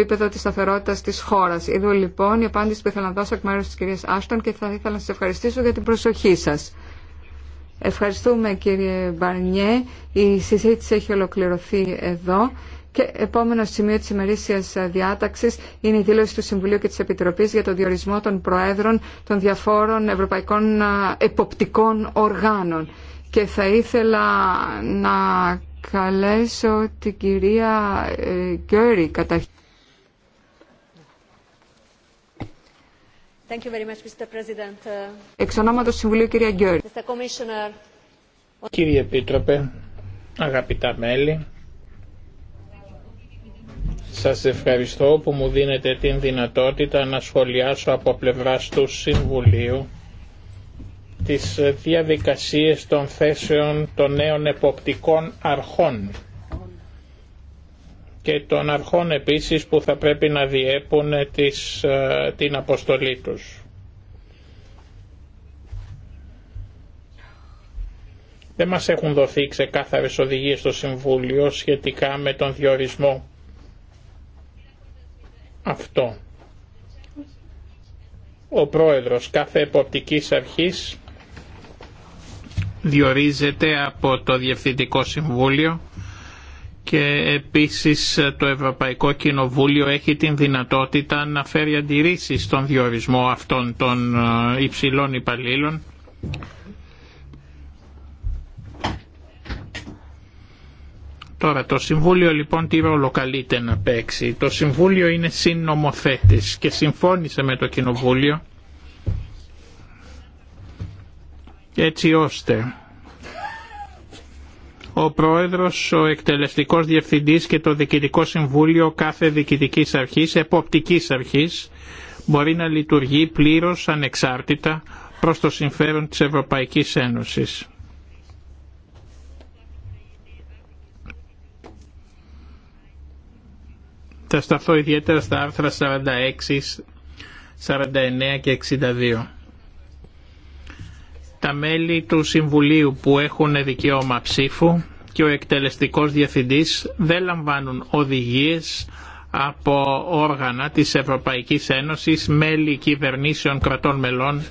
επίπεδο της σταθερότητας της χώρας. Εδώ λοιπόν η απάντηση που ήθελα να δώσω εκ μέρους της κυρίας Άστον και θα ήθελα να σας ευχαριστήσω για την προσοχή σας. Ευχαριστούμε κύριε Μπαρνιέ. Η συζήτηση έχει ολοκληρωθεί εδώ. Και επόμενο σημείο της ημερήσιας διάταξης είναι η δήλωση του Συμβουλίου και της Επιτροπής για τον διορισμό των Προέδρων των διαφόρων ευρωπαϊκών εποπτικών οργάνων. Και θα ήθελα να καλέσω την κυρία ε, Γκέρι καταρχήν. Εξ Συμβουλίου, κυρία Κύριε Επίτροπε, αγαπητά μέλη, σας ευχαριστώ που μου δίνετε την δυνατότητα να σχολιάσω από πλευράς του Συμβουλίου τις διαδικασίες των θέσεων των νέων εποπτικών αρχών και των αρχών επίσης που θα πρέπει να διέπουν τις, ε, την αποστολή τους. Δεν μας έχουν δοθεί ξεκάθαρες οδηγίες στο Συμβούλιο σχετικά με τον διορισμό αυτό. Ο πρόεδρος κάθε εποπτικής αρχής διορίζεται από το Διευθυντικό Συμβούλιο και επίσης το Ευρωπαϊκό Κοινοβούλιο έχει την δυνατότητα να φέρει αντιρρήσεις στον διορισμό αυτών των ε, υψηλών υπαλλήλων. Τώρα το Συμβούλιο λοιπόν τι ρόλο καλείται να παίξει. Το Συμβούλιο είναι συνομοθέτης και συμφώνησε με το Κοινοβούλιο έτσι ώστε ο Πρόεδρος, ο Εκτελεστικός Διευθυντής και το Διοικητικό Συμβούλιο κάθε διοικητικής αρχής, εποπτικής αρχής, μπορεί να λειτουργεί πλήρως ανεξάρτητα προς το συμφέρον της Ευρωπαϊκής Ένωσης. Θα σταθώ ιδιαίτερα στα άρθρα 46, 49 και 62 τα μέλη του Συμβουλίου που έχουν δικαίωμα ψήφου και ο εκτελεστικός διευθυντής δεν λαμβάνουν οδηγίες από όργανα της Ευρωπαϊκής Ένωσης, μέλη κυβερνήσεων κρατών μελών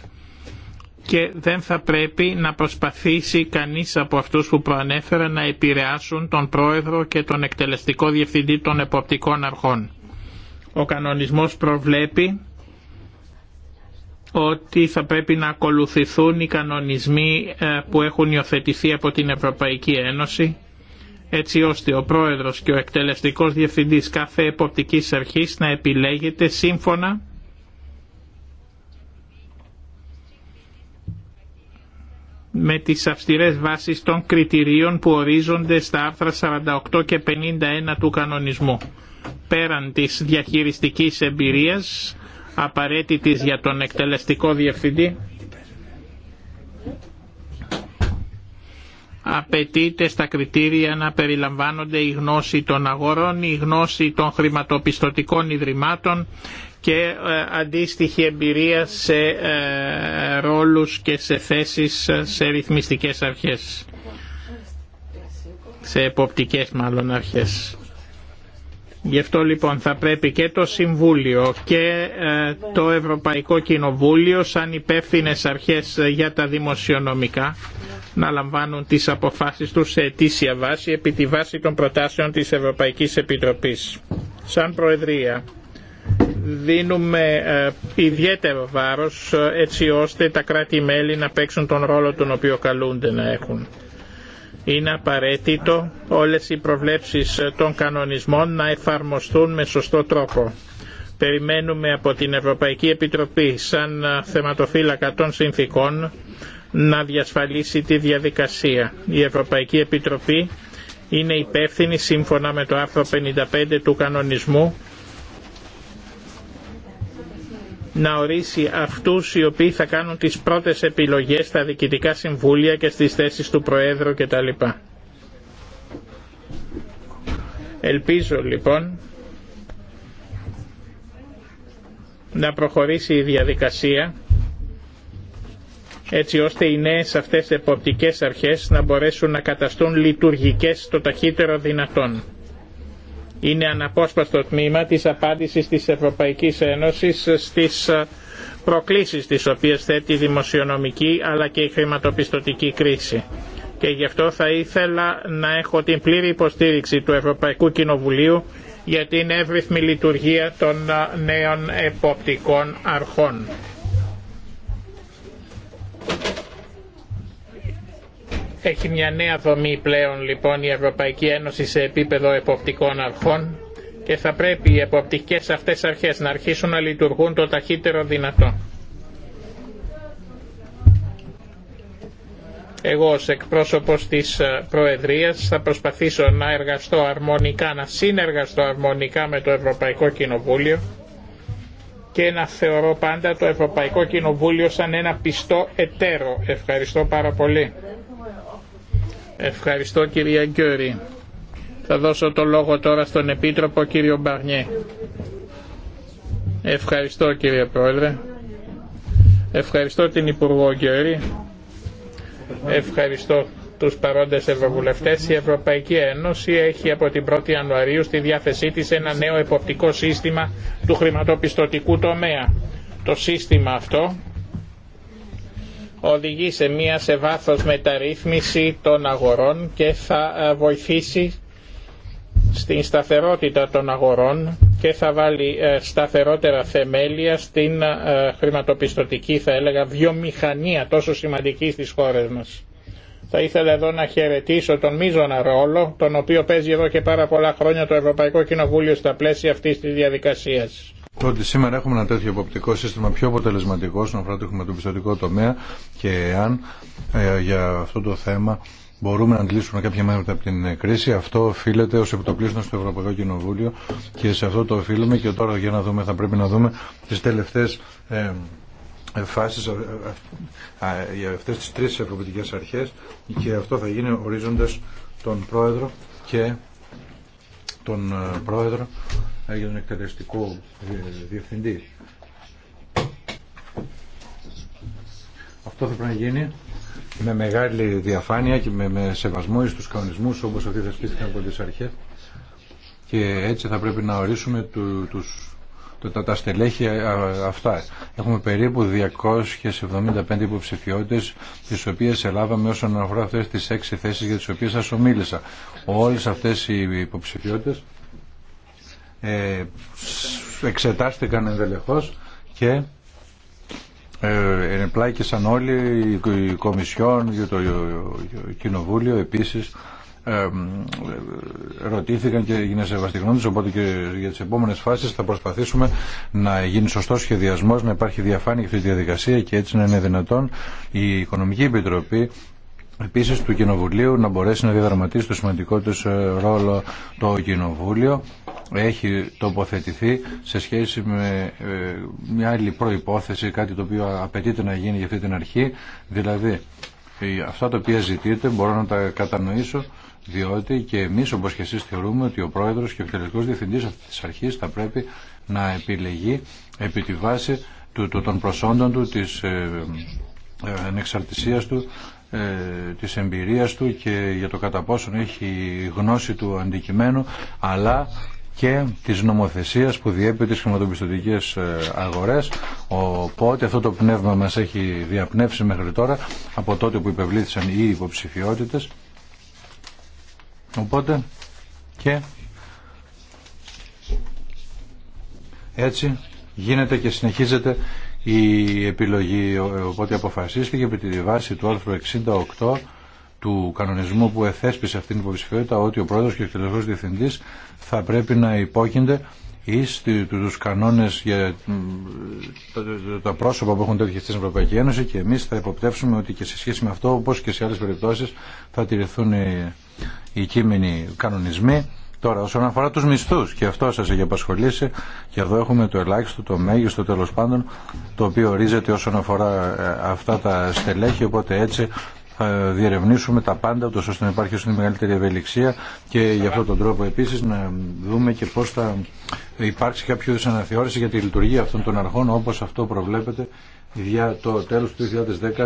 και δεν θα πρέπει να προσπαθήσει κανείς από αυτούς που προανέφερα να επηρεάσουν τον πρόεδρο και τον εκτελεστικό διευθυντή των εποπτικών αρχών. Ο κανονισμός προβλέπει ότι θα πρέπει να ακολουθηθούν οι κανονισμοί ε, που έχουν υιοθετηθεί από την Ευρωπαϊκή Ένωση έτσι ώστε ο πρόεδρος και ο εκτελεστικός διευθυντής κάθε εποπτικής αρχής να επιλέγεται σύμφωνα με τις αυστηρές βάσεις των κριτηρίων που ορίζονται στα άρθρα 48 και 51 του κανονισμού. Πέραν της διαχειριστικής εμπειρίας απαραίτητης για τον εκτελεστικό διευθυντή. Απαιτείται στα κριτήρια να περιλαμβάνονται η γνώση των αγορών, η γνώση των χρηματοπιστωτικών ιδρυμάτων και ε, αντίστοιχη εμπειρία σε ε, ρόλους και σε θέσεις σε ρυθμιστικές αρχές, σε εποπτικές μάλλον αρχές. Γι' αυτό λοιπόν θα πρέπει και το Συμβούλιο και ε, το Ευρωπαϊκό Κοινοβούλιο σαν υπεύθυνε αρχές ε, για τα δημοσιονομικά να λαμβάνουν τις αποφάσεις τους σε αιτήσια βάση επί τη βάση των προτάσεων της Ευρωπαϊκής Επιτροπής. Σαν Προεδρία δίνουμε ε, ιδιαίτερο βάρος έτσι ώστε τα κράτη-μέλη να παίξουν τον ρόλο τον οποίο καλούνται να έχουν είναι απαραίτητο όλες οι προβλέψεις των κανονισμών να εφαρμοστούν με σωστό τρόπο. Περιμένουμε από την Ευρωπαϊκή Επιτροπή σαν θεματοφύλακα των συνθήκων να διασφαλίσει τη διαδικασία. Η Ευρωπαϊκή Επιτροπή είναι υπεύθυνη σύμφωνα με το άρθρο 55 του κανονισμού να ορίσει αυτούς οι οποίοι θα κάνουν τις πρώτες επιλογές στα διοικητικά συμβούλια και στις θέσεις του Προέδρου κτλ. Ελπίζω λοιπόν να προχωρήσει η διαδικασία έτσι ώστε οι νέες αυτές εποπτικές αρχές να μπορέσουν να καταστούν λειτουργικές το ταχύτερο δυνατόν είναι αναπόσπαστο τμήμα της απάντησης της Ευρωπαϊκής Ένωσης στις ε, προκλήσεις τις οποίες θέτει η δημοσιονομική αλλά και η χρηματοπιστωτική κρίση. Και γι' αυτό θα ήθελα να έχω την πλήρη υποστήριξη του Ευρωπαϊκού Κοινοβουλίου για την εύρυθμη λειτουργία των ε, νέων εποπτικών αρχών. Έχει μια νέα δομή πλέον λοιπόν η Ευρωπαϊκή Ένωση σε επίπεδο εποπτικών αρχών και θα πρέπει οι εποπτικές αυτές αρχές να αρχίσουν να λειτουργούν το ταχύτερο δυνατό. Εγώ ως εκπρόσωπος της ε, Προεδρίας θα προσπαθήσω να εργαστώ αρμονικά, να συνεργαστώ αρμονικά με το Ευρωπαϊκό Κοινοβούλιο και να θεωρώ πάντα το Ευρωπαϊκό Κοινοβούλιο σαν ένα πιστό εταίρο. Ευχαριστώ πάρα πολύ. Ευχαριστώ κυρία Γκιόρη. Θα δώσω το λόγο τώρα στον Επίτροπο κύριο Μπαρνιέ. Ευχαριστώ κύριε Πρόεδρε. Ευχαριστώ την Υπουργό Γκιόρη. Ευχαριστώ τους παρόντες ευρωβουλευτές. Η Ευρωπαϊκή Ένωση έχει από την 1η Ιανουαρίου στη διάθεσή της ένα νέο εποπτικό σύστημα του χρηματοπιστωτικού τομέα. Το σύστημα αυτό οδηγεί σε μία σε βάθος μεταρρύθμιση των αγορών και θα ε, βοηθήσει στην σταθερότητα των αγορών και θα βάλει ε, σταθερότερα θεμέλια στην ε, χρηματοπιστωτική θα έλεγα βιομηχανία τόσο σημαντική στις χώρες μας. Θα ήθελα εδώ να χαιρετήσω τον Μίζωνα ρόλο, τον οποίο παίζει εδώ και πάρα πολλά χρόνια το Ευρωπαϊκό Κοινοβούλιο στα πλαίσια αυτής της διαδικασίας ότι σήμερα έχουμε ένα τέτοιο υποπτικό σύστημα πιο αποτελεσματικό στον αφορά το πιστοτικό τομέα και εάν ε, για αυτό το θέμα μπορούμε να αντλήσουμε κάποια μέρα από την κρίση. Αυτό οφείλεται ω επιτοπλίστων στο Ευρωπαϊκό Κοινοβούλιο και σε αυτό το οφείλουμε. Και τώρα για να δούμε, θα πρέπει να δούμε τι τελευταίε ε, ε, φάσεις για ε, αυτές τις τρεις ευρωπαϊκές αρχές και αυτό θα γίνει ορίζοντας τον πρόεδρο και τον πρόεδρο για τον εκτελεστικό ε, διευθυντή. Αυτό θα πρέπει να γίνει με μεγάλη διαφάνεια και με, με σεβασμό τους κανονισμούς όπως αυτοί θεσπίστηκαν από τις αρχές και έτσι θα πρέπει να ορίσουμε τους, τα, τα στελέχη αυτά. Έχουμε περίπου 275 υποψηφιότητε, τι οποίε ελάβαμε όσον αφορά αυτέ τι έξι θέσει για τι οποίε σα ομίλησα. Όλε αυτέ οι υποψηφιότητε ε, εξετάστηκαν ενδελεχώς και ε, ενεπλάκησαν όλοι οι Κομισιόν, το Κοινοβούλιο επίσης ε, ε, ρωτήθηκαν και έγινε σεβαστή γνώμη οπότε και για τις επόμενες φάσεις θα προσπαθήσουμε να γίνει σωστός σχεδιασμός να υπάρχει διαφάνεια αυτή τη διαδικασία και έτσι να είναι δυνατόν η Οικονομική Επιτροπή επίσης του Κοινοβουλίου να μπορέσει να διαδραματίσει το σημαντικό της ρόλο το Κοινοβούλιο έχει τοποθετηθεί σε σχέση με ε, μια άλλη προϋπόθεση, κάτι το οποίο απαιτείται να γίνει για αυτή την αρχή, δηλαδή αυτά τα οποία ζητείτε μπορώ να τα κατανοήσω διότι και εμείς όπως και εσείς θεωρούμε ότι ο πρόεδρος και ο εκτελεστικός διευθυντής αυτής της αρχής θα πρέπει να επιλεγεί επί τη βάση του, των προσόντων του, της ε, ε του, ε, της εμπειρίας του και για το κατά πόσον έχει γνώση του αντικειμένου αλλά και της νομοθεσίας που διέπει τις χρηματοπιστωτικές ε, αγορές. Οπότε αυτό το πνεύμα μας έχει διαπνεύσει μέχρι τώρα από τότε που υπευλήθησαν οι υποψηφιότητες. Οπότε και έτσι γίνεται και συνεχίζεται η επιλογή. Οπότε αποφασίστηκε επί τη βάση του άρθρου 68 του κανονισμού που εθέσπισε αυτήν την υποψηφιότητα ότι ο πρόεδρος και ο εκτελεστικός διευθυντής θα πρέπει να υπόκεινται ή τους κανόνες για τα πρόσωπα που έχουν τέτοιες στην Ευρωπαϊκή Ένωση και εμείς θα υποπτεύσουμε ότι και σε σχέση με αυτό όπως και σε άλλες περιπτώσεις θα τηρηθούν οι, οι κείμενοι κανονισμοί Τώρα, όσον αφορά τους μισθούς, και αυτό σας έχει απασχολήσει, και εδώ έχουμε το ελάχιστο, το μέγιστο τέλος πάντων, το οποίο ορίζεται όσον αφορά ε, αυτά τα στελέχη, οπότε έτσι θα διερευνήσουμε τα πάντα, ούτως ώστε να υπάρχει όσο είναι μεγαλύτερη ευελιξία και για αυτόν τον τρόπο επίσης να δούμε και πώς θα υπάρξει κάποιο είδους αναθεώρηση για τη λειτουργία αυτών των αρχών όπως αυτό προβλέπεται για το τέλος του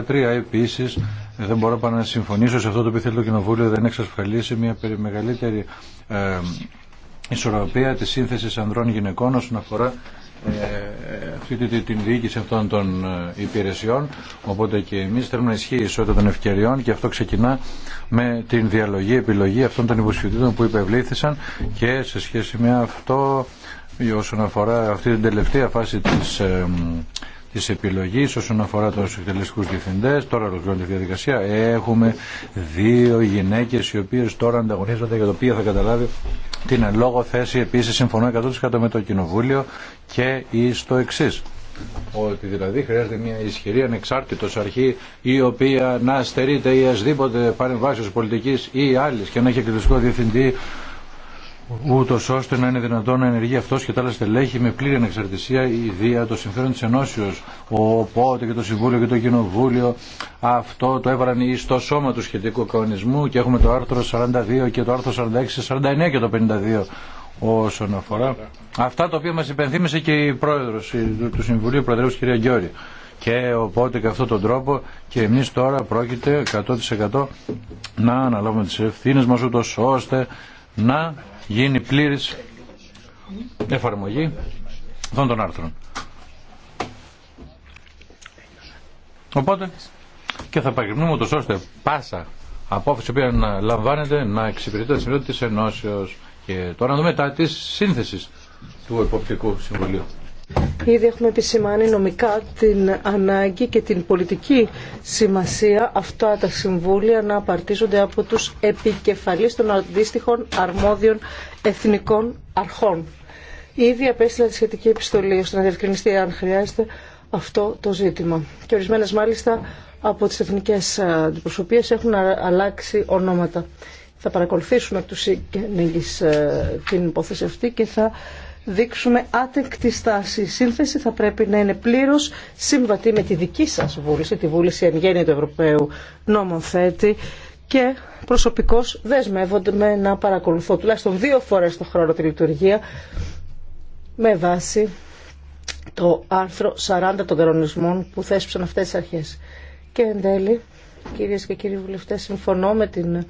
2013. Επίσης δεν μπορώ πάνω να συμφωνήσω σε αυτό το οποίο θέλει το Κοινοβούλιο δεν εξασφαλίσει μια μεγαλύτερη ε, ισορροπία της σύνθεσης ανδρών γυναικών όσον αφορά αυτή τη, την διοίκηση αυτών των ε, υπηρεσιών οπότε και εμείς θέλουμε να ισχύει η ισότητα των ευκαιριών και αυτό ξεκινά με την διαλογή, επιλογή αυτών των υποσχετήτων που υπευλήθησαν και σε σχέση με αυτό όσον αφορά αυτή την τελευταία φάση της, ε, της επιλογής όσον αφορά τους εκτελεστικούς διευθυντές τώρα ολοκληρώνεται η διαδικασία έχουμε δύο γυναίκες οι οποίες τώρα ανταγωνίζονται για το οποίο θα καταλάβει την λόγο θέση επίσης συμφωνώ 100% με το Κοινοβούλίο και εις το εξή. Ότι δηλαδή χρειάζεται μια ισχυρή ανεξάρτητος αρχή η οποία να στερείται ή ασδήποτε παρεμβάσεις πολιτικής ή άλλης και να έχει εκκλησικό διευθυντή ούτω ώστε να είναι δυνατόν να ενεργεί αυτό και τα άλλα στελέχη με πλήρη ανεξαρτησία η ιδία, το συμφέρον τη ενώσεω. Οπότε και το Συμβούλιο και το Κοινοβούλιο αυτό το έβαλαν στο σώμα του σχετικού κανονισμού και έχουμε το άρθρο 42 και το άρθρο 46, 49 και το 52 όσον αφορά αυτά τα οποία μα υπενθύμησε και η πρόεδρο του Συμβουλίου Προεδρεύουση κυρία Γκιώρη. και οπότε και αυτόν τον τρόπο και εμείς τώρα πρόκειται 100% να αναλάβουμε τις ευθύνες μας ούτως ώστε να γίνει πλήρης εφαρμογή αυτών των άρθρων. Οπότε και θα παγκρινούμε το ώστε πάσα απόφαση που να λαμβάνεται να εξυπηρετεί τα συμβούλια της ενώσεως και τώρα δούμε τα της σύνθεσης του Εποπτικού Συμβουλίου. Ήδη έχουμε επισημάνει νομικά την ανάγκη και την πολιτική σημασία αυτά τα συμβούλια να απαρτίζονται από τους επικεφαλείς των αντίστοιχων αρμόδιων εθνικών αρχών. Ήδη απέστειλα τη σχετική επιστολή ώστε να διευκρινιστεί αν χρειάζεται αυτό το ζήτημα. Και ορισμένε μάλιστα από τις εθνικές αντιπροσωπείες έχουν αλλάξει ονόματα. Θα παρακολουθήσουμε από τους ε, την υπόθεση αυτή και θα δείξουμε άτεκτη στάση. Η σύνθεση θα πρέπει να είναι πλήρω συμβατή με τη δική σα βούληση, τη βούληση εν γέννη του Ευρωπαίου νομοθέτη και προσωπικώ δεσμεύονται να παρακολουθώ τουλάχιστον δύο φορέ το χρόνο τη λειτουργία με βάση το άρθρο 40 των κανονισμών που θέσπισαν αυτές τις αρχές. Και εν τέλει, κυρίες και κύριοι βουλευτές, συμφωνώ με την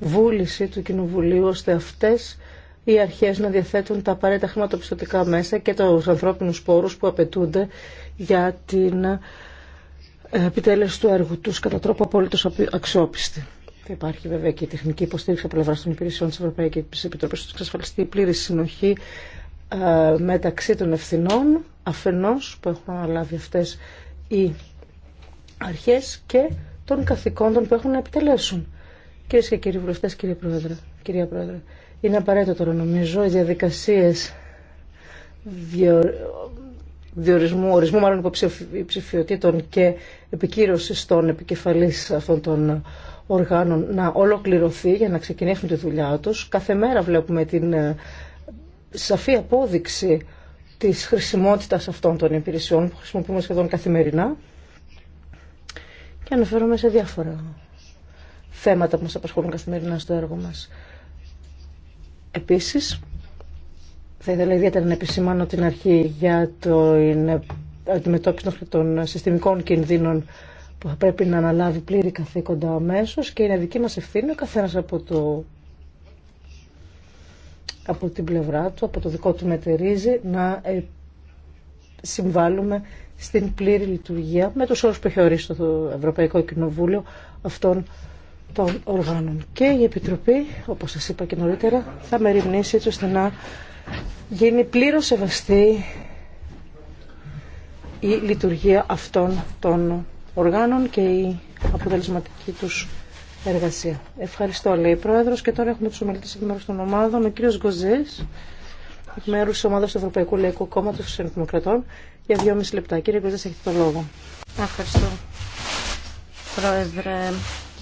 βούληση του Κοινοβουλίου ώστε αυτές οι αρχέ να διαθέτουν τα απαραίτητα χρηματοπιστωτικά μέσα και του ανθρώπινους πόρου που απαιτούνται για την ε, επιτέλεση του έργου του κατά τρόπο απολύτω αξιόπιστη. Θα υπάρχει βέβαια και η τεχνική υποστήριξη από πλευρά των υπηρεσιών τη Ευρωπαϊκή Επιτροπή, που να εξασφαλιστεί η πλήρη συνοχή ε, μεταξύ των ευθυνών αφενό που έχουν αναλάβει αυτέ οι αρχέ και των καθηκόντων που έχουν να επιτελέσουν. Κυρίε και κύριοι βουλευτέ, κύριε Πρόεδρε, κυρία Πρόεδρε, είναι απαραίτητο τώρα νομίζω οι διαδικασίες διορισμού, ορισμού μάλλον υποψηφιωτήτων και επικύρωση των επικεφαλής αυτών των οργάνων να ολοκληρωθεί για να ξεκινήσουν τη δουλειά τους. Κάθε μέρα βλέπουμε την ε, σαφή απόδειξη της χρησιμότητας αυτών των υπηρεσιών που χρησιμοποιούμε σχεδόν καθημερινά και αναφέρομαι σε διάφορα θέματα που μας απασχολούν καθημερινά στο έργο μας. Επίσης, θα ήθελα ιδιαίτερα να επισημάνω την αρχή για την αντιμετώπιση των συστημικών κινδύνων που θα πρέπει να αναλάβει πλήρη καθήκοντα αμέσω και είναι δική μας ευθύνη ο καθένας από, το, από την πλευρά του, από το δικό του μετερίζει να ε, συμβάλλουμε στην πλήρη λειτουργία με τους όρους που έχει ορίσει το Ευρωπαϊκό Κοινοβούλιο αυτών των οργάνων. Και η Επιτροπή, όπως σας είπα και νωρίτερα, θα μεριμνήσει έτσι ώστε να γίνει πλήρως σεβαστή η λειτουργία αυτών των οργάνων και η αποτελεσματική τους εργασία. Ευχαριστώ, λέει η Πρόεδρος. Και τώρα έχουμε τους ομιλητές εκ μέρους των ομάδων. Ο κύριος Γκοζές, εκ μέρους της ομάδας του Ευρωπαϊκού Λαϊκού Κόμματος των Συνδημοκρατών για δυόμιση λεπτά. Κύριε Γκοζές, έχετε το λόγο. Ευχαριστώ. Πρόεδρε,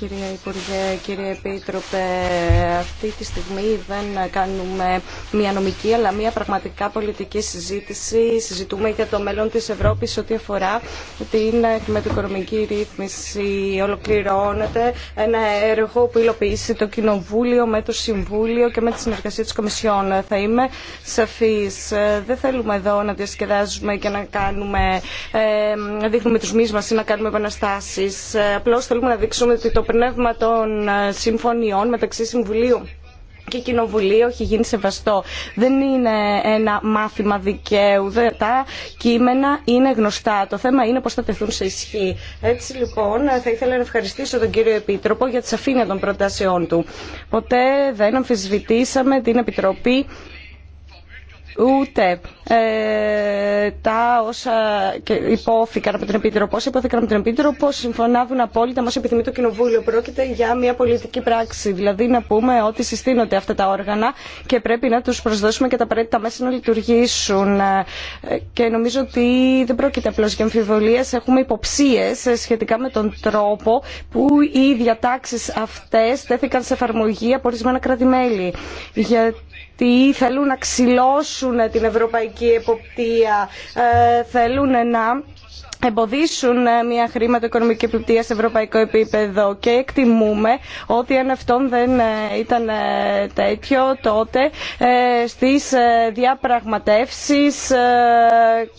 Κύριε Υπουργέ, κύριε Επίτροπε, αυτή τη στιγμή δεν κάνουμε μια νομική αλλά μια πραγματικά πολιτική συζήτηση. Συζητούμε για το μέλλον της Ευρώπης ό,τι αφορά την χρηματοοικονομική ρύθμιση. Ολοκληρώνεται ένα έργο που υλοποιήσει το Κοινοβούλιο με το Συμβούλιο και με τη συνεργασία της Κομισιόν. Θα είμαι σαφής. Δεν θέλουμε εδώ να διασκεδάζουμε και να κάνουμε, να ε, δείχνουμε τους μίσμα ή να κάνουμε επαναστάσει. Απλώς θέλουμε να δείξουμε ότι το πνεύμα των ε, συμφωνιών μεταξύ Συμβουλίου και κοινοβουλίου έχει γίνει σεβαστό. Δεν είναι ένα μάθημα δικαίου. Τα κείμενα είναι γνωστά. Το θέμα είναι πώ θα τεθούν σε ισχύ. Έτσι λοιπόν θα ήθελα να ευχαριστήσω τον κύριο Επίτροπο για τη σαφήνεια των προτάσεών του. Ποτέ δεν αμφισβητήσαμε την Επιτροπή ούτε ε, τα όσα υπόθηκαν από την Επίτροπο, όσα υπόθηκαν από την Επίτροπο συμφωνάβουν απόλυτα μας επιθυμεί το Κοινοβούλιο. Πρόκειται για μια πολιτική πράξη, δηλαδή να πούμε ότι συστήνονται αυτά τα όργανα και πρέπει να του προσδώσουμε και τα απαραίτητα μέσα να λειτουργήσουν. Ε, και νομίζω ότι δεν πρόκειται απλώ για αμφιβολίε. έχουμε υποψίε σχετικά με τον τρόπο που οι διατάξει αυτέ τέθηκαν σε εφαρμογή από ορισμένα κράτη-μέλη. Γιατί τι θέλουν να ξυλώσουν την ευρωπαϊκή εποπτεία, ε, θέλουν να εμποδίσουν ε, μια χρηματοοικονομική επιπτία σε ευρωπαϊκό επίπεδο και εκτιμούμε ότι αν αυτόν δεν ε, ήταν ε, τέτοιο τότε στις διαπραγματεύσεις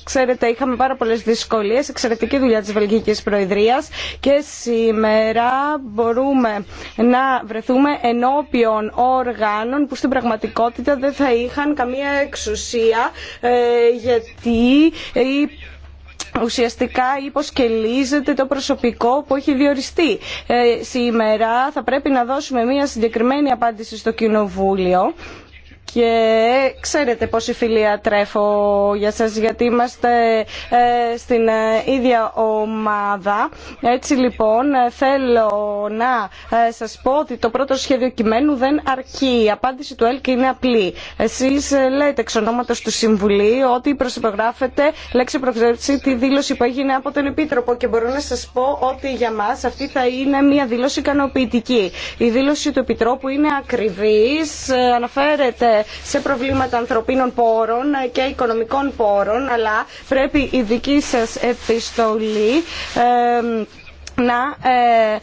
ξέρετε είχαμε πάρα πολλές δυσκολίες εξαιρετική δουλειά της Βελγικής Προεδρίας και σήμερα μπορούμε να βρεθούμε ενώπιον οργάνων που στην πραγματικότητα δεν θα είχαν καμία εξουσία γιατί ουσιαστικά υποσκελίζεται το προσωπικό που έχει διοριστεί. Ε, σήμερα θα πρέπει να δώσουμε μια συγκεκριμένη απάντηση στο Κοινοβούλιο και ξέρετε πόση φιλία τρέφω για σας γιατί είμαστε ε, στην ε, ίδια ομάδα. Έτσι λοιπόν ε, θέλω να σας πω ότι το πρώτο σχέδιο κειμένου δεν αρκεί. Η απάντηση του ΕΛΚ είναι απλή. Εσείς λέτε εξ ονόματος του Συμβουλίου ότι προσυπογράφετε λέξη προξέρψη τη δήλωση που έγινε από τον Επίτροπο και μπορώ να σας πω ότι για μας αυτή θα είναι μια δήλωση ικανοποιητική. Η δήλωση του Επιτρόπου είναι ακριβής, αναφέρεται σε προβλήματα ανθρωπίνων πόρων και οικονομικών πόρων, αλλά πρέπει η δική σας επιστολή να ε,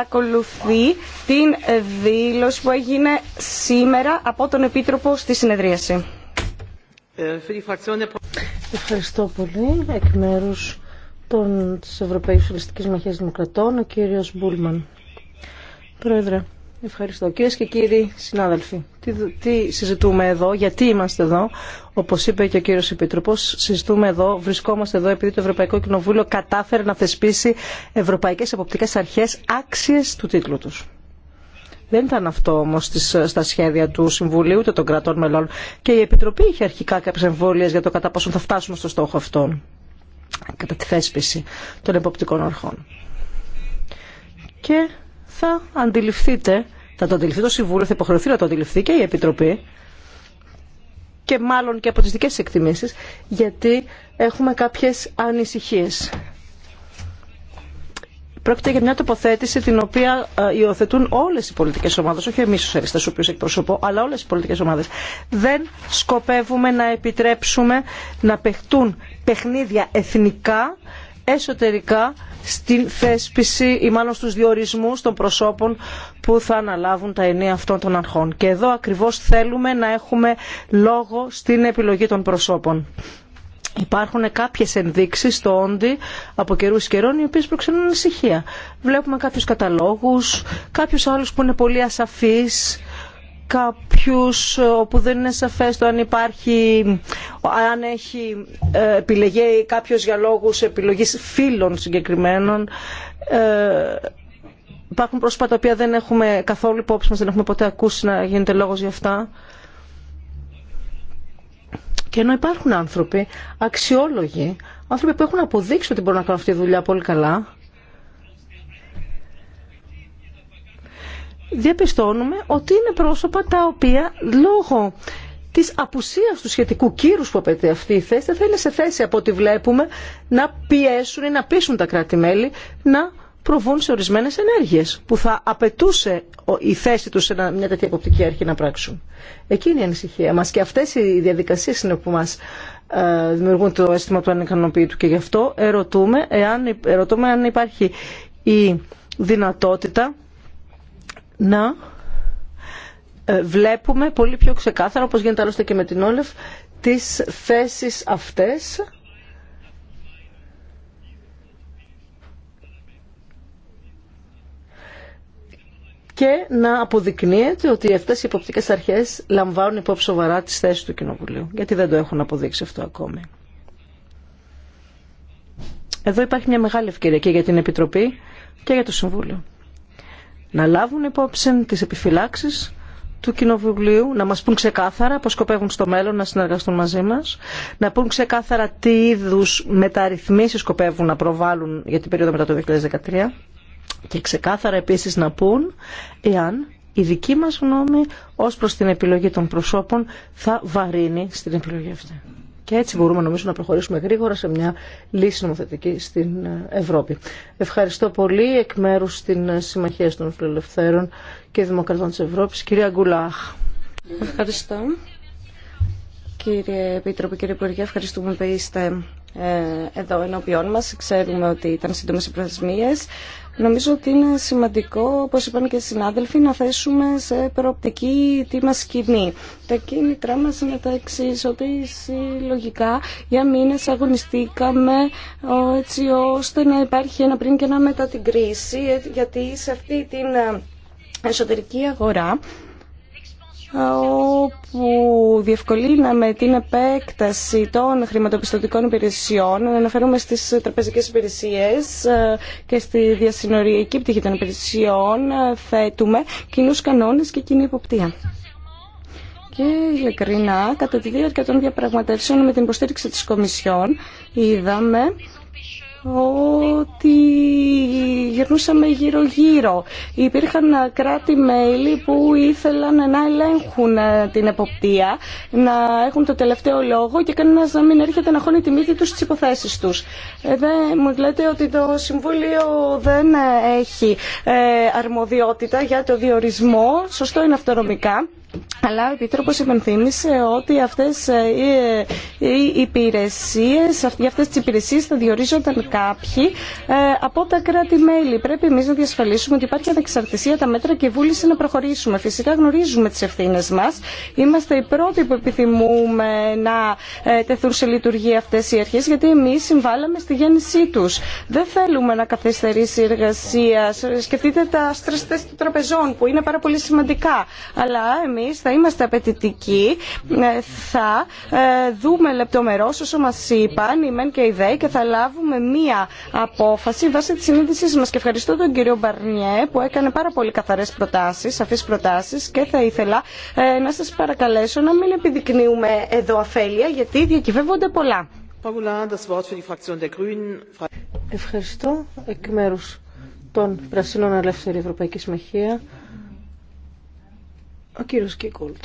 ακολουθεί την δήλωση που έγινε σήμερα από τον Επίτροπο στη συνεδρίαση. Ευχαριστώ πολύ. Εκ μέρους των, της Ευρωπαϊκής Φιλιστικής Μαχίας Δημοκρατών, ο κύριος Μπούλμαν. Πρόεδρε, Ευχαριστώ. Κυρίε και κύριοι συνάδελφοι, τι, τι συζητούμε εδώ, γιατί είμαστε εδώ. Όπω είπε και ο κύριο Επίτροπο, συζητούμε εδώ, βρισκόμαστε εδώ επειδή το Ευρωπαϊκό Κοινοβούλιο κατάφερε να θεσπίσει ευρωπαϊκέ εποπτικέ αρχέ άξιε του τίτλου του. Δεν ήταν αυτό όμω στα σχέδια του Συμβουλίου ούτε των κρατών μελών. Και η Επιτροπή είχε αρχικά κάποιε εμβόλειε για το κατά πόσο θα φτάσουμε στο στόχο αυτό, κατά τη θέσπιση των εποπτικών αρχών. Και θα αντιληφθείτε, θα το αντιληφθεί το Συμβούλιο, θα υποχρεωθεί να το αντιληφθεί και η Επιτροπή και μάλλον και από τις δικές εκτιμήσεις, γιατί έχουμε κάποιες ανησυχίες. Πρόκειται για μια τοποθέτηση την οποία ε, υιοθετούν όλες οι πολιτικές ομάδες, όχι εμείς ο Σεριστές, ο εκπροσωπώ, αλλά όλες οι πολιτικές ομάδες. Δεν σκοπεύουμε να επιτρέψουμε να παιχτούν παιχνίδια εθνικά εσωτερικά στην θέσπιση ή μάλλον στους διορισμούς των προσώπων που θα αναλάβουν τα ενία αυτών των αρχών. Και εδώ ακριβώς θέλουμε να έχουμε λόγο στην επιλογή των προσώπων. Υπάρχουν κάποιες ενδείξεις στο όντι από καιρού καιρών οι οποίες προξενούν ανησυχία. Βλέπουμε κάποιους καταλόγους, κάποιους άλλους που είναι πολύ ασαφείς, κάποιους ε, όπου δεν είναι σαφές το αν υπάρχει, αν έχει ε, επιλεγεί κάποιος για λόγους επιλογής φίλων συγκεκριμένων. Ε, υπάρχουν πρόσωπα τα οποία δεν έχουμε καθόλου υπόψη μας, δεν έχουμε ποτέ ακούσει να γίνεται λόγος για αυτά. Και ενώ υπάρχουν άνθρωποι αξιόλογοι, άνθρωποι που έχουν αποδείξει ότι μπορούν να κάνουν αυτή τη δουλειά πολύ καλά, διαπιστώνουμε ότι είναι πρόσωπα τα οποία λόγω τη απουσίας του σχετικού κύρου που απαιτεί αυτή η θέση δεν θα είναι σε θέση από ό,τι βλέπουμε να πιέσουν ή να πείσουν τα κράτη-μέλη να προβούν σε ορισμένε ενέργειε. που θα απαιτούσε η θέση του σε μια τέτοια εποπτική αρχή να πράξουν. Εκείνη η ανησυχία μα και αυτέ οι διαδικασίε είναι που μας ε, δημιουργούν το αίσθημα του ανεκανοποιήτου και γι' αυτό ερωτούμε αν υπάρχει η δυνατότητα να ε, βλέπουμε πολύ πιο ξεκάθαρα, όπως γίνεται άλλωστε και με την Όλεφ, τις θέσεις αυτές και να αποδεικνύεται ότι αυτές οι υποπτικές αρχές λαμβάνουν υπόψη σοβαρά τις θέσεις του Κοινοβουλίου, γιατί δεν το έχουν αποδείξει αυτό ακόμη. Εδώ υπάρχει μια μεγάλη ευκαιρία και για την Επιτροπή και για το Συμβούλιο να λάβουν υπόψη τις επιφυλάξεις του Κοινοβουλίου, να μας πούν ξεκάθαρα πώς σκοπεύουν στο μέλλον να συνεργαστούν μαζί μας, να πούν ξεκάθαρα τι είδους μεταρρυθμίσεις σκοπεύουν να προβάλλουν για την περίοδο μετά το 2013 και ξεκάθαρα επίσης να πούν εάν η δική μας γνώμη ως προς την επιλογή των προσώπων θα βαρύνει στην επιλογή αυτή. Και έτσι μπορούμε νομίζω να προχωρήσουμε γρήγορα σε μια λύση νομοθετική στην ε, Ευρώπη. Ευχαριστώ πολύ εκ μέρου στην ε, Συμμαχία των Φιλελευθέρων και Δημοκρατών τη Ευρώπη, κυρία Γκουλάχ. Ευχαριστώ. Κύριε Επίτροπε, κύριε Υπουργέ, ευχαριστούμε που είστε ε, εδώ ενώπιόν μας. Ξέρουμε ότι ήταν σύντομες οι προθεσμίες. Νομίζω ότι είναι σημαντικό, όπως είπαν και οι συνάδελφοι, να θέσουμε σε προοπτική τι μας κινεί. Τα κίνητρά μας είναι τα εξή ότι συλλογικά για μήνες αγωνιστήκαμε έτσι ώστε να υπάρχει ένα πριν και ένα μετά την κρίση, ε, γιατί σε αυτή την ε, εσωτερική αγορά όπου διευκολύναμε την επέκταση των χρηματοπιστωτικών υπηρεσιών. Αναφέρομαι στις τραπεζικές υπηρεσίες ε, και στη διασυνοριακή πτυχή των υπηρεσιών. Ε, θέτουμε κοινού κανόνες και κοινή υποπτία. Και ειλικρινά, κατά τη διάρκεια των διαπραγματεύσεων με την υποστήριξη της Κομισιόν, είδαμε ότι γυρνούσαμε γύρω-γύρω. Υπήρχαν κράτη-μέλη που ήθελαν να ελέγχουν ε, την εποπτεία, να έχουν το τελευταίο λόγο και κανένα να μην έρχεται να χώνει τη μύτη του στι υποθέσει του. Ε, μου λέτε ότι το Συμβούλιο δεν ε, έχει αρμοδιότητα για το διορισμό. Σωστό είναι αυτονομικά αλλά ο Επίτροπος υπενθύμησε ότι αυτές ε, ε, οι υπηρεσίες, για αυτές τις υπηρεσίες θα διορίζονταν κάποιοι ε, από τα κράτη-μέλη. Πρέπει εμείς να διασφαλίσουμε ότι υπάρχει ανεξαρτησία τα μέτρα και βούληση να προχωρήσουμε. Φυσικά γνωρίζουμε τις ευθύνε μας. Είμαστε οι πρώτοι που επιθυμούμε να τεθούν σε λειτουργία αυτές οι αρχές, γιατί εμείς συμβάλαμε στη γέννησή τους. Δεν θέλουμε να καθυστερήσει η εργασία. Σκεφτείτε τα στρε τεστ των τραπεζών, που είναι πάρα πολύ σημαντικά. Αλλά θα είμαστε απαιτητικοί, ε, θα ε, δούμε λεπτομερώς όσο μας είπαν οι ΜΕΝ και οι ΔΕ και θα λάβουμε μία απόφαση βάσει της συνείδησής μας. Και ευχαριστώ τον κύριο Μπαρνιέ που έκανε πάρα πολύ καθαρές προτάσεις, σαφείς προτάσεις και θα ήθελα ε, να σας παρακαλέσω να μην επιδεικνύουμε εδώ αφέλεια γιατί διακυβεύονται πολλά. Ευχαριστώ εκ μέρους των Πρασίνων Ελεύθερη Ευρωπαϊκή Συμμαχία. Ο κύριος Κίκολτ.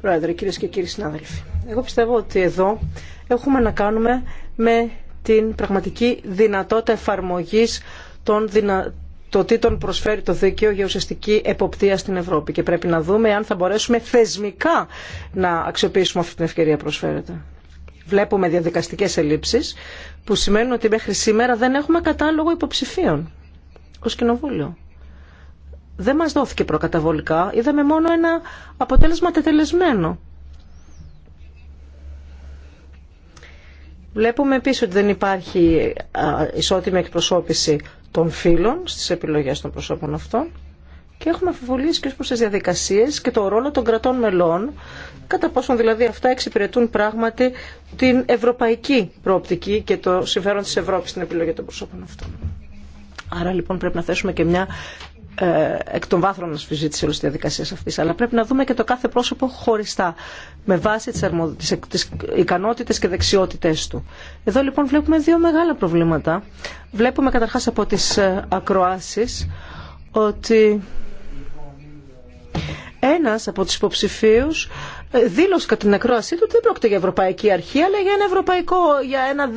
Πρόεδρε, κύριε και κύριοι συνάδελφοι. Εγώ πιστεύω ότι εδώ έχουμε να κάνουμε με την πραγματική δυνατότητα εφαρμογής των δυνα... το τι τον προσφέρει το δίκαιο για ουσιαστική εποπτεία στην Ευρώπη. Και πρέπει να δούμε αν θα μπορέσουμε θεσμικά να αξιοποιήσουμε αυτή την ευκαιρία προσφέρεται. Βλέπουμε διαδικαστικές ελλείψεις που σημαίνουν ότι μέχρι σήμερα δεν έχουμε κατάλογο υποψηφίων ως κοινοβούλιο δεν μας δόθηκε προκαταβολικά, είδαμε μόνο ένα αποτέλεσμα τετελεσμένο. Βλέπουμε επίσης ότι δεν υπάρχει ισότιμη εκπροσώπηση των φύλων στις επιλογές των προσώπων αυτών και έχουμε αφιβολίες και προς τις διαδικασίες και το ρόλο των κρατών μελών, κατά πόσον δηλαδή αυτά εξυπηρετούν πράγματι την ευρωπαϊκή προοπτική και το συμφέρον της Ευρώπης στην επιλογή των προσώπων αυτών. Άρα λοιπόν πρέπει να θέσουμε και μια ε, εκ των βάθρων να συζητήσει τις τη διαδικασία αυτή. Αλλά πρέπει να δούμε και το κάθε πρόσωπο χωριστά, με βάση τι τις ικανότητε και δεξιότητέ του. Εδώ λοιπόν βλέπουμε δύο μεγάλα προβλήματα. Βλέπουμε καταρχά από τι ε, ακροάσει ότι ένας από τους υποψηφίους δήλωσε κατά την ακρόασή του ότι δεν πρόκειται για Ευρωπαϊκή Αρχή, αλλά για ένα, ευρωπαϊκό, για ένα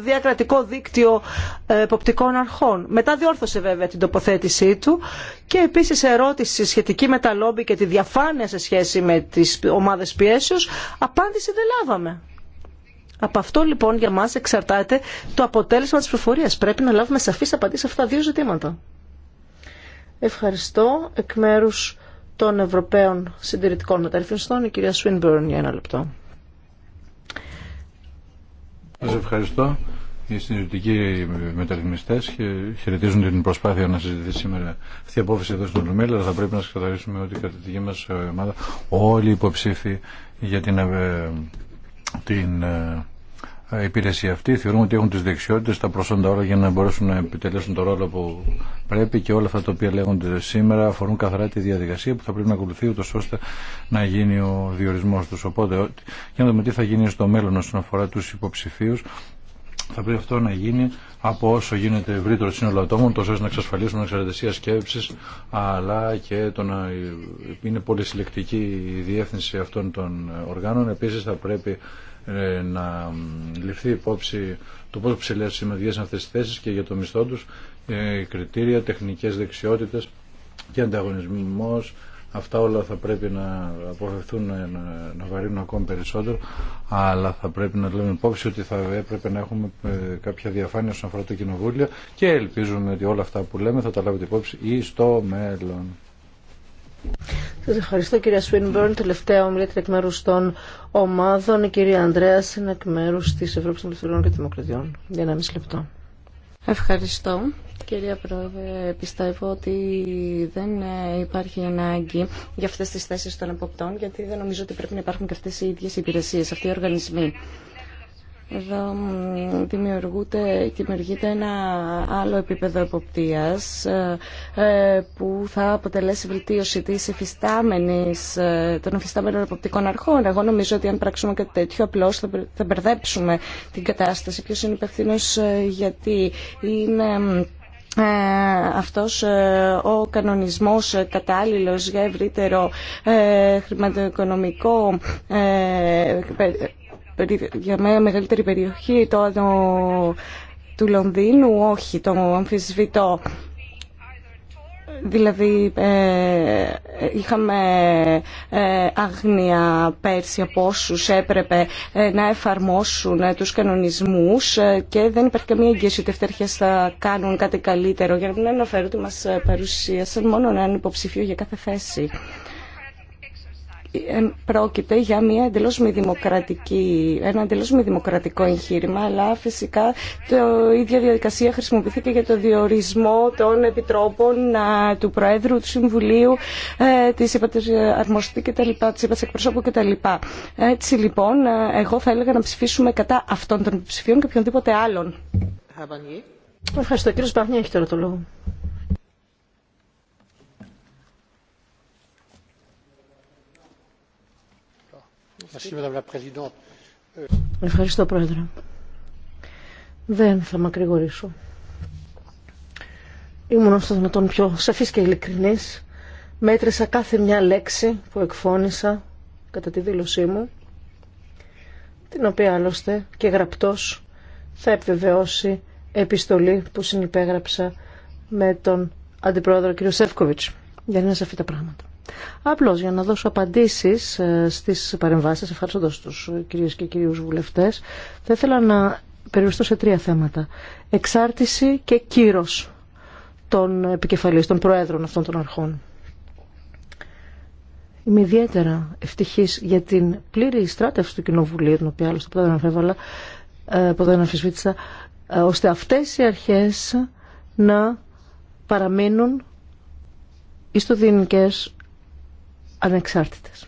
διακρατικό δίκτυο ε, εποπτικών αρχών. Μετά διόρθωσε βέβαια την τοποθέτησή του και επίση ερώτηση σχετική με τα λόμπι και τη διαφάνεια σε σχέση με τι ομάδε πιέσεω. Απάντηση δεν λάβαμε. Από αυτό λοιπόν για μα εξαρτάται το αποτέλεσμα τη προφορίας. Πρέπει να λάβουμε σαφεί απαντήσει σε αυτά τα δύο ζητήματα. Ευχαριστώ εκ μέρου των Ευρωπαίων Συντηρητικών Μεταρρυθμιστών, η κυρία Σουίνμπερν για ένα λεπτό. Σα ευχαριστώ. Οι συντηρητικοί μεταρρυθμιστέ χαιρετίζουν την προσπάθεια να συζητηθεί σήμερα αυτή η απόφαση εδώ στον Λουμέλη, αλλά θα πρέπει να ξεκαθαρίσουμε ότι κατά τη δική μα ομάδα όλοι οι υποψήφοι για την, ε, την ε, υπηρεσία αυτή θεωρούμε ότι έχουν τι δεξιότητε, τα προσόντα όλα για να μπορέσουν να επιτελέσουν το ρόλο που πρέπει και όλα αυτά τα οποία λέγονται σήμερα αφορούν καθαρά τη διαδικασία που θα πρέπει να ακολουθεί ούτω ώστε να γίνει ο διορισμό του. Οπότε για να δούμε τι θα γίνει στο μέλλον όσον αφορά του υποψηφίου, θα πρέπει αυτό να γίνει από όσο γίνεται ευρύτερο σύνολο ατόμων, τόσο ώστε να εξασφαλίσουμε εξαρτησία σκέψη, αλλά και το να είναι πολύ συλλεκτική η διεύθυνση αυτών των οργάνων. Επίση, θα πρέπει ε, να ληφθεί υπόψη το πόσο ψηλέ οι είναι αυτέ τι θέσει και για το μισθό του, ε, κριτήρια, τεχνικέ δεξιότητε και ανταγωνισμό. Αυτά όλα θα πρέπει να αποφευθούν ε, να, βαρύνουν ακόμη περισσότερο, αλλά θα πρέπει να λέμε υπόψη ότι θα έπρεπε να έχουμε κάποια διαφάνεια στον αφορά το κοινοβούλιο και ελπίζουμε ότι όλα αυτά που λέμε θα τα λάβετε υπόψη ή στο μέλλον. Σας ευχαριστώ κυρία Σουίνμπερν. Τελευταία ομιλία εκ μέρους των ομάδων. Η κυρία Ανδρέα είναι εκ μέρους της Ευρώπης των Ελευθεριών και Δημοκρατιών. Για ένα μισή λεπτό. Ευχαριστώ. Κυρία Πρόεδρε, πιστεύω ότι δεν ε, υπάρχει ανάγκη για αυτές τις θέσεις των εποπτών, γιατί δεν νομίζω ότι πρέπει να υπάρχουν και αυτές οι ίδιες υπηρεσίες, αυτοί οι οργανισμοί. Εδώ δημιουργείται, δημιουργείται ένα άλλο επίπεδο εποπτείας ε, ε, που θα αποτελέσει βελτίωση της εφιστάμενης ε, των εφιστάμενων εποπτικών αρχών. Εγώ νομίζω ότι αν πράξουμε κάτι τέτοιο απλώς θα μπερδέψουμε την κατάσταση. Ποιος είναι υπευθύνο γιατί είναι αυτός ο κανονισμός κατάλληλος για ευρύτερο χρηματοοικονομικό για μια μεγαλύτερη περιοχή το, το, του Λονδίνου, όχι, το αμφισβητώ. Δηλαδή ε, είχαμε αγνία ε, πέρσι από όσου έπρεπε ε, να εφαρμόσουν τους κανονισμούς και δεν υπάρχει καμία εγγύηση ότι οι θα κάνουν κάτι καλύτερο. Για να μην αναφέρω ότι μας παρουσίασαν μόνο έναν υποψηφίο για κάθε θέση πρόκειται για μια εντελώς δημοκρατική, ένα εντελώ μη δημοκρατικό εγχείρημα, αλλά φυσικά το ίδια διαδικασία χρησιμοποιήθηκε για το διορισμό των επιτρόπων του Προέδρου, του Συμβουλίου, ε, της Αρμοστή και τα λοιπά, της και τα λοιπά. Έτσι λοιπόν, εγώ θα έλεγα να ψηφίσουμε κατά αυτών των ψηφίων και οποιονδήποτε άλλων. Ευχαριστώ. Κύριος το λόγο. Ε, ευχαριστώ, Πρόεδρε. Δεν θα μακρηγορήσω. Ήμουν όσο δυνατόν πιο σαφής και ειλικρινής. Μέτρησα κάθε μια λέξη που εκφώνησα κατά τη δήλωσή μου, την οποία άλλωστε και γραπτός θα επιβεβαιώσει επιστολή που συνυπέγραψα με τον Αντιπρόεδρο κ. Σεύκοβιτς. Για να είναι σαφή τα πράγματα. Απλώς για να δώσω απαντήσεις ε, στις παρεμβάσεις, ευχαριστώ τους κυρίες και κυρίους βουλευτές, θα ήθελα να περιοριστώ σε τρία θέματα. Εξάρτηση και κύρος των επικεφαλής, των προέδρων αυτών των αρχών. Είμαι ιδιαίτερα ευτυχής για την πλήρη στράτευση του Κοινοβουλίου, την οποία άλλωστε ποτέ δεν αφέβαλα, ε, ποτέ δεν ε, ώστε αυτές οι αρχές να παραμείνουν ιστοδυνικές ανεξάρτητες.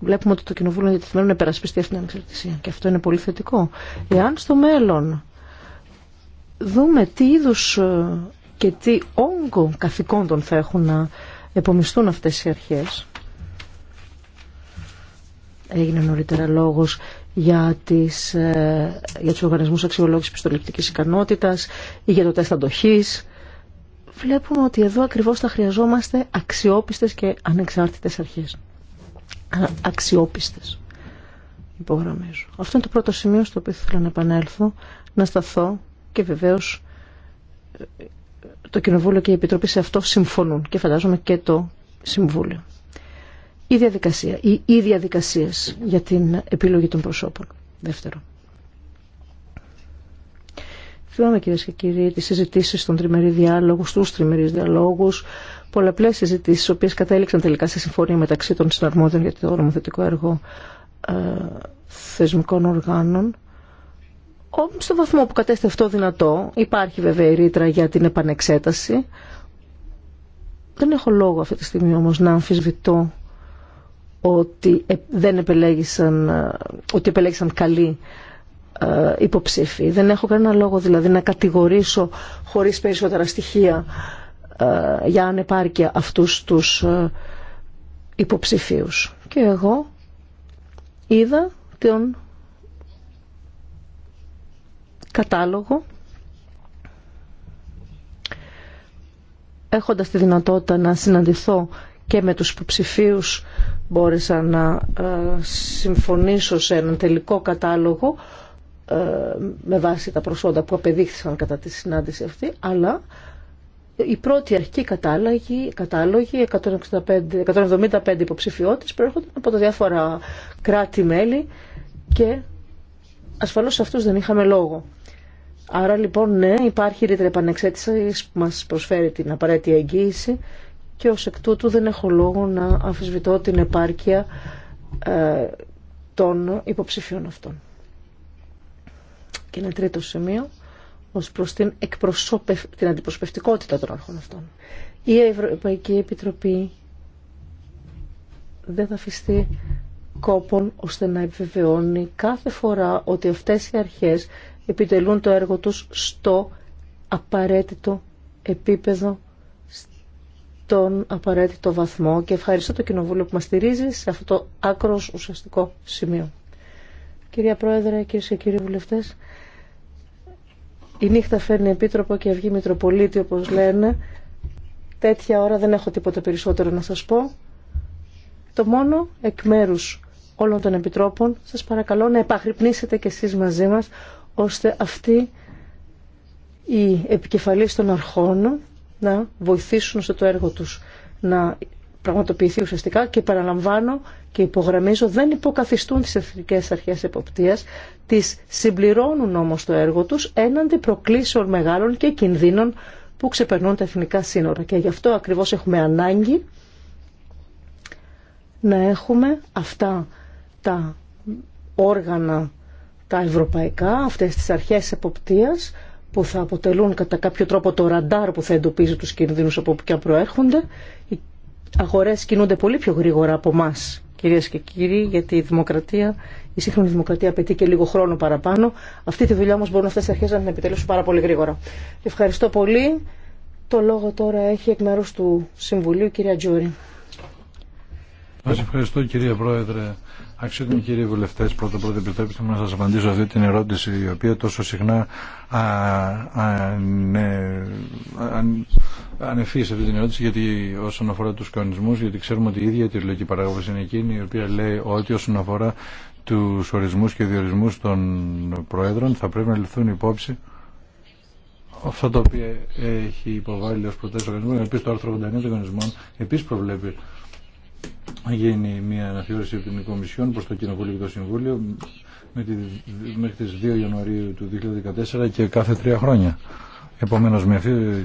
Βλέπουμε ότι το Κοινοβούλιο είναι θελμένο να περασπιστεί αυτήν την ανεξαρτησία και αυτό είναι πολύ θετικό. Εάν στο μέλλον δούμε τι είδους ε, και τι όγκο καθηκόντων θα έχουν να επομιστούν αυτές οι αρχές. Έγινε νωρίτερα λόγος για, τις, ε, για τους οργανισμούς αξιολόγησης πιστοληπτικής ικανότητας ή για το τεστ αντοχής βλέπουμε ότι εδώ ακριβώς θα χρειαζόμαστε αξιόπιστες και ανεξάρτητες αρχές. Αξιόπιστες. Υπογραμμίζω. Αυτό είναι το πρώτο σημείο στο οποίο θέλω να επανέλθω, να σταθώ και βεβαίως το Κοινοβούλιο και η Επιτροπή σε αυτό συμφωνούν και φαντάζομαι και το Συμβούλιο. Η διαδικασία, οι, οι διαδικασίες για την επιλογή των προσώπων. Δεύτερο. Θυμάμαι κυρίε και κύριοι τι συζητήσει στον τριμερή διάλογο, στου τριμερεί διαλόγου, πολλαπλέ συζητήσει, οι οποίε κατέληξαν τελικά σε συμφωνία μεταξύ των συναρμόδιων για το νομοθετικό έργο ε, θεσμικών οργάνων. Στο βαθμό που κατέστη αυτό δυνατό, υπάρχει βέβαια η ρήτρα για την επανεξέταση. Δεν έχω λόγο αυτή τη στιγμή όμως να αμφισβητώ ότι ε, δεν επελέγησαν, ε, ότι επελέγησαν καλή ε, Δεν έχω κανένα λόγο δηλαδή να κατηγορήσω χωρίς περισσότερα στοιχεία ε, για ανεπάρκεια αυτούς τους ε, υποψηφίους. Και εγώ είδα τον κατάλογο έχοντας τη δυνατότητα να συναντηθώ και με τους υποψηφίους μπόρεσα να συμφωνήσω σε έναν τελικό κατάλογο ε, με βάση τα προσόντα που απεδείχθησαν κατά τη συνάντηση αυτή, αλλά η πρώτη αρχική κατάλογη, κατάλογη 165, 175 υποψηφιότητες προέρχονταν από τα διάφορα κράτη-μέλη και ασφαλώς σε αυτούς δεν είχαμε λόγο. Άρα λοιπόν ναι υπάρχει ρήτρα επανεξέτησης που μας προσφέρει την απαραίτητη εγγύηση και ως εκ τούτου δεν έχω λόγο να αμφισβητώ την επάρκεια ε, των υποψηφίων αυτών. Και ένα τρίτο σημείο ως προς την, την αντιπροσωπευτικότητα των αρχών αυτών. Η Ευρωπαϊκή Επιτροπή δεν θα αφιστεί κόπον ώστε να επιβεβαιώνει κάθε φορά ότι αυτές οι αρχές επιτελούν το έργο τους στο απαραίτητο επίπεδο τον απαραίτητο βαθμό και ευχαριστώ το Κοινοβούλιο που μας στηρίζει σε αυτό το άκρος ουσιαστικό σημείο. Κυρία Πρόεδρε, κύριε και κύριοι βουλευτές, η νύχτα φέρνει επίτροπο και αυγή Μητροπολίτη όπω λένε. Τέτοια ώρα δεν έχω τίποτα περισσότερο να σας πω. Το μόνο εκ μέρου όλων των επιτρόπων σας παρακαλώ να επαχρυπνήσετε κι εσείς μαζί μας ώστε αυτοί οι επικεφαλής των αρχών να βοηθήσουν στο το έργο τους να πραγματοποιηθεί ουσιαστικά και παραλαμβάνω και υπογραμμίζω δεν υποκαθιστούν τις εθνικές αρχές εποπτείας, τις συμπληρώνουν όμως το έργο τους έναντι προκλήσεων μεγάλων και κινδύνων που ξεπερνούν τα εθνικά σύνορα. Και γι' αυτό ακριβώς έχουμε ανάγκη να έχουμε αυτά τα όργανα τα ευρωπαϊκά, αυτές τις αρχές εποπτείας που θα αποτελούν κατά κάποιο τρόπο το ραντάρ που θα εντοπίζει τους κινδύνους από όπου και αν προέρχονται Αγορέ κινούνται πολύ πιο γρήγορα από εμά, κυρίε και κύριοι, γιατί η δημοκρατία, η σύγχρονη δημοκρατία απαιτεί και λίγο χρόνο παραπάνω. Αυτή τη δουλειά όμω μπορούν αυτές οι αρχέ να την επιτελέσουν πάρα πολύ γρήγορα. Ευχαριστώ πολύ. Το λόγο τώρα έχει εκ μέρου του Συμβουλίου κυρία Τζούρη. Σας ευχαριστώ κυρία Πρόεδρε. Αξιότιμοι κύριοι βουλευτέ, πρώτα πρώτα επιτρέψτε μου να σα απαντήσω αυτή την ερώτηση η οποία τόσο συχνά α, α, ναι, ανευθύ σε αυτή την ερώτηση γιατί όσον αφορά τους κανονισμούς γιατί ξέρουμε ότι η ίδια η τυρλική παράγραφος είναι εκείνη η οποία λέει ότι όσον αφορά τους ορισμούς και διορισμούς των Προέδρων θα πρέπει να ληφθούν υπόψη αυτά τα οποία έχει υποβάλει ως προτάσεις οργανισμών επίσης το άρθρο 89 των κανονισμών επίσης προβλέπει να γίνει μια αναθεώρηση από την Κομισιόν προς το Κοινοβούλιο και το Συμβούλιο μέχρι τις 2 Ιανουαρίου του 2014 και κάθε τρία χρόνια. Επομένως με αυτή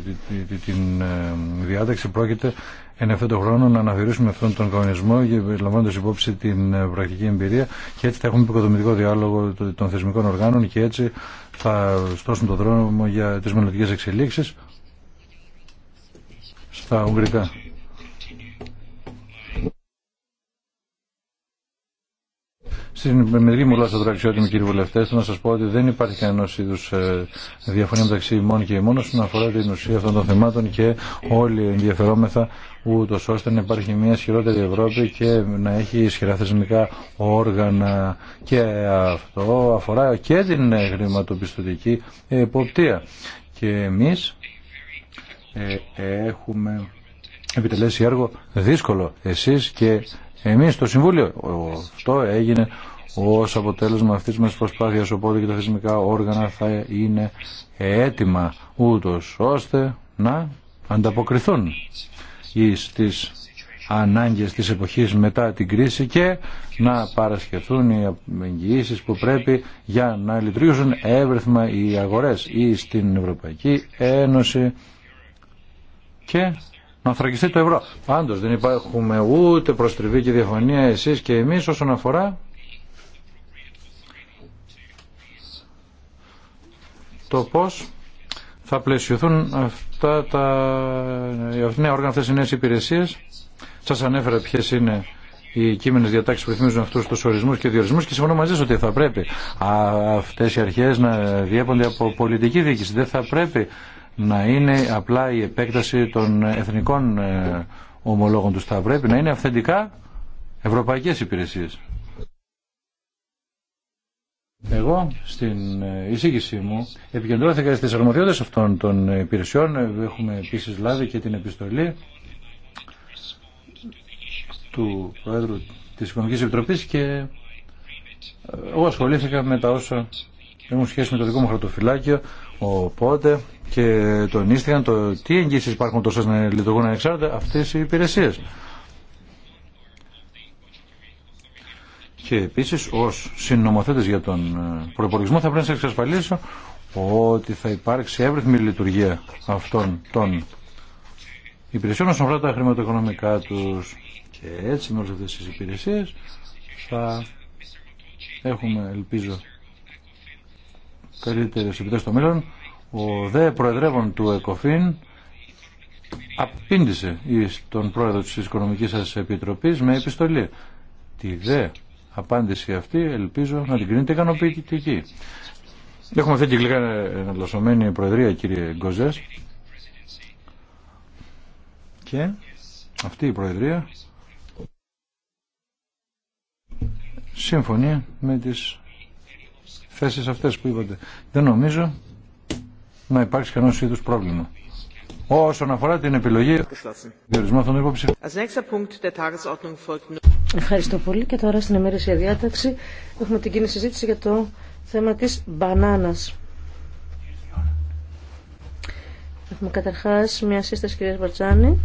την ε, διάταξη πρόκειται εν αυτό το χρόνο να αναθεωρήσουμε αυτόν τον κανονισμό λαμβάνοντα υπόψη την ε, πρακτική εμπειρία και έτσι θα έχουμε υποδομητικό διάλογο των θεσμικών οργάνων και έτσι θα στώσουν τον δρόμο για τις μελλοντικές εξελίξεις στα Ουγγρικά. Στην μερική μου γλώσσα, αξιότιμοι κύριοι βουλευτέ, θέλω να σα πω ότι δεν υπάρχει κανένα είδου ε, διαφωνία μεταξύ ημών και ημών όσον αφορά την ουσία αυτών των θεμάτων και όλοι ενδιαφερόμεθα ούτω ώστε να υπάρχει μια ισχυρότερη Ευρώπη και να έχει ισχυρά θεσμικά όργανα. Και αυτό αφορά και την χρηματοπιστωτική εποπτεία. Και εμεί ε, έχουμε επιτελέσει έργο δύσκολο εσείς και εμείς το Συμβούλιο. Αυτό έγινε ως αποτέλεσμα αυτής μας προσπάθειας οπότε και τα θεσμικά όργανα θα είναι έτοιμα ούτως ώστε να ανταποκριθούν στις ανάγκες της εποχής μετά την κρίση και να παρασχεθούν οι εγγυήσεις που πρέπει για να λειτουργήσουν εύρεθμα οι αγορές ή στην Ευρωπαϊκή Ένωση και να θρακιστεί το ευρώ. Πάντως δεν υπάρχουμε ούτε προστριβή και διαφωνία εσείς και εμείς όσον αφορά το πώς θα πλαισιωθούν αυτά τα νέα όργανα, αυτές οι νέες υπηρεσίες. Σας ανέφερα ποιες είναι οι κείμενε διατάξει που θυμίζουν αυτού του ορισμού και διορισμούς και συμφωνώ μαζί σα ότι θα πρέπει αυτέ οι αρχέ να διέπονται από πολιτική διοίκηση. Δεν θα πρέπει να είναι απλά η επέκταση των εθνικών ε, ομολόγων του. Θα πρέπει να είναι αυθεντικά ευρωπαϊκέ υπηρεσίε. Εγώ στην ε, εισήγησή μου επικεντρώθηκα στις αρμοδιότητες αυτών των υπηρεσιών. Έχουμε επίσης λάβει και την επιστολή του Πρόεδρου της Οικονομικής Επιτροπής και ε, εγώ ασχολήθηκα με τα όσα έχουν σχέση με το δικό μου χαρτοφυλάκιο οπότε και τονίστηκαν το τι εγγύσεις υπάρχουν τόσο να λειτουργούν ανεξάρτητα αυτές οι υπηρεσίες. Και επίσης ως συνομοθέτης για τον ε, προπολογισμό θα πρέπει να σας εξασφαλίσω ότι θα υπάρξει εύρυθμη λειτουργία αυτών των υπηρεσιών όσον αφορά τα χρηματοοικονομικά τους και έτσι με όλες αυτές τις υπηρεσίες θα έχουμε ελπίζω καλύτερε επιτές στο μέλλον ο δε προεδρεύων του ΕΚΟΦΗΝ απήντησε στον πρόεδρο της Οικονομικής σας Επιτροπής με επιστολή τη δε απάντηση αυτή ελπίζω να την κρίνετε ικανοποιητική. Έχουμε αυτή την γλυκά ε, εναλλασσομένη προεδρία κύριε Γκοζές και αυτή η προεδρία σύμφωνη με τις θέσεις αυτές που είπατε. Δεν νομίζω να υπάρξει κανένα είδους πρόβλημα. Όσον αφορά την επιλογή διορισμού αυτών των υποψηφίων. Ευχαριστώ πολύ και τώρα στην για διάταξη έχουμε την κοινή συζήτηση για το θέμα της μπανάνας. Έχουμε καταρχάς μια σύσταση κυρίας Μπαρτζάνη.